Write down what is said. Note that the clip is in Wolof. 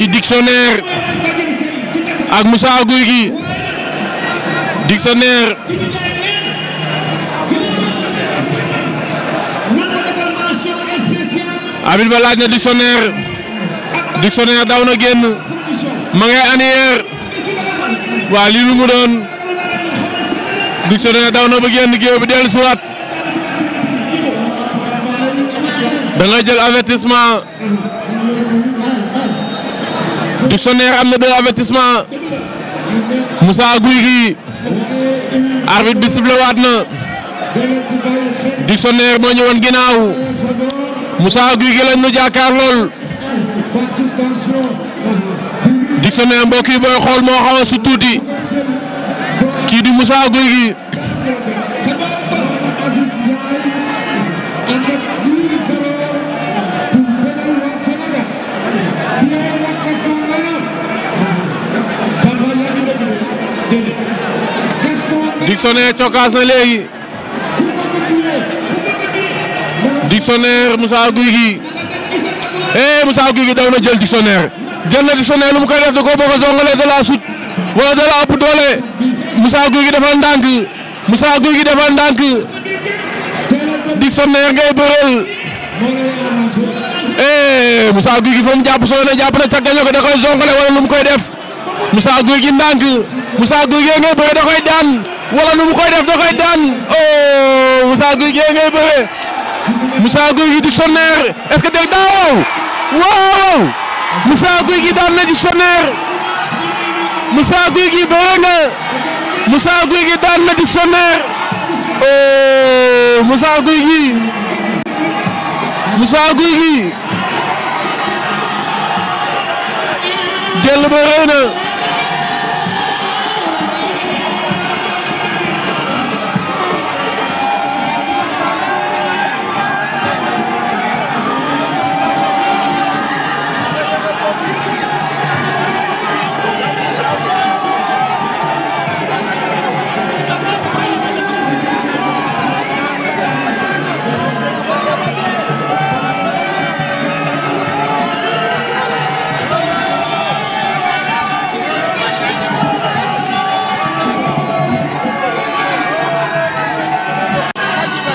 ci dictionnaire ak Moussa Gueye gi dictionnaire Habib ba laaj na dictionnaire dictionnaire daw na génn ma ngay annière waa lii lu doon dictionnaire daw na ba génn géew bi dellu si waat da nga jël avertissement. Dictionnaire am na deux avertissement Moussa Gouye Gui arbitre bi sifflé waat na Dictionnaire moo ñëwoon ginnaaw Moussa Gouye Gui lañ nu jàkkaar lool Dictionnaire mbokk booy xool moo xaw su tuuti kii di Moussa Gouye gi Dictionnaire cokaas na léegi Dictionnaire musa Gouye gi eh Moussa Gouye daw na jël Dictionnaire jël na Dictionnaire lu mu koy def da koo bëgg a zongalee da laa sut wala da laa ëpp doole Moussa Gouye Gui dafa ndànk Moussa Gouye Gui dafa ndànk Dictionnaire ngay bëreel eh Moussa Gouye Gui fa mu jàpp soo ne jàpp na càggal na da koy zongalee wala lu mu koy def Moussa Gouye Gui ndànk Moussa Gouye Gui ngay bëre da koy daan. wala nu mu koy def da koy daan oh Moussa Gueye gee ngay bëree Moussa gi Dictionnaire est-ce que dégg daa waaw waaw Moussa Gueye gi daan na Dictionnaire Moussa gi bëree nga Moussa gi daan na Dictionnaire oh Moussa gi Moussa gi jël ba na.